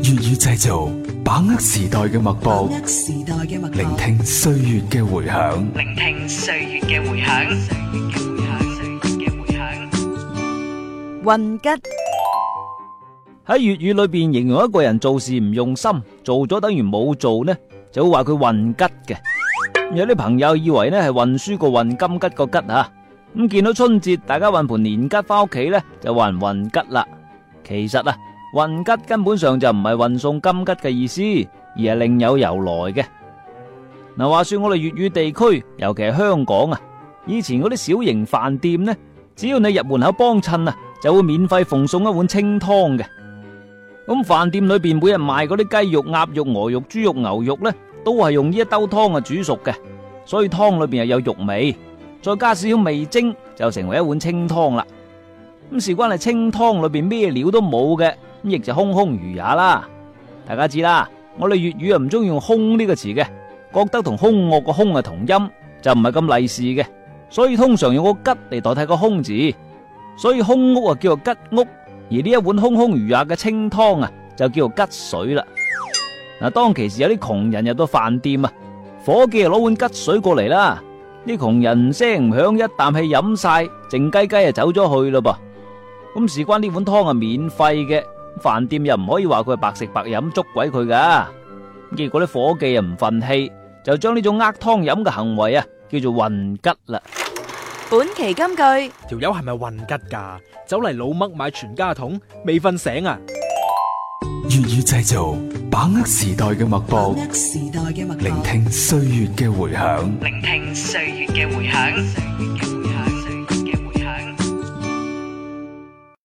粵語製造，把握時代嘅脈搏，聆聽歲月嘅回響。混吉根本上就唔係運送金桔嘅意思，而係另有由來嘅。嗱，話說我哋粵語地區，尤其係香港啊，以前嗰啲小型飯店呢，只要你入門口幫襯啊，就會免費奉送一碗清湯嘅。咁飯店裏邊每日賣嗰啲雞肉、鴨肉、鵝肉、豬肉，肉、牛肉呢，都係用呢一兜湯啊煮熟嘅，所以湯裏邊又有肉味，再加少少味精就成為一碗清湯啦。咁事關係清湯裏邊咩料都冇嘅。咁亦就空空如也啦！大家知啦，我哋粵語啊唔中意用空呢個詞嘅，覺得同凶惡個凶係同音，就唔係咁利是嘅，所以通常用個吉嚟代替個空字，所以空屋啊叫做吉屋，而呢一碗空空如也嘅清湯啊就叫做吉水啦。嗱，當其時有啲窮人入到飯店啊，伙計啊攞碗吉水過嚟啦，啲窮人聲唔響一啖氣飲晒，靜雞雞啊走咗去咯噃。咁事關呢碗湯係免費嘅。飯店又唔可以話佢係白食白飲捉鬼佢噶，咁結果啲伙計又唔忿氣，就將呢種呃湯飲嘅行為啊叫做混吉啦。本期金句條友係咪混吉噶？走嚟老麥買全家桶，未瞓醒啊？粵語製造，把握時代嘅脈搏，聆聽歲月嘅回響。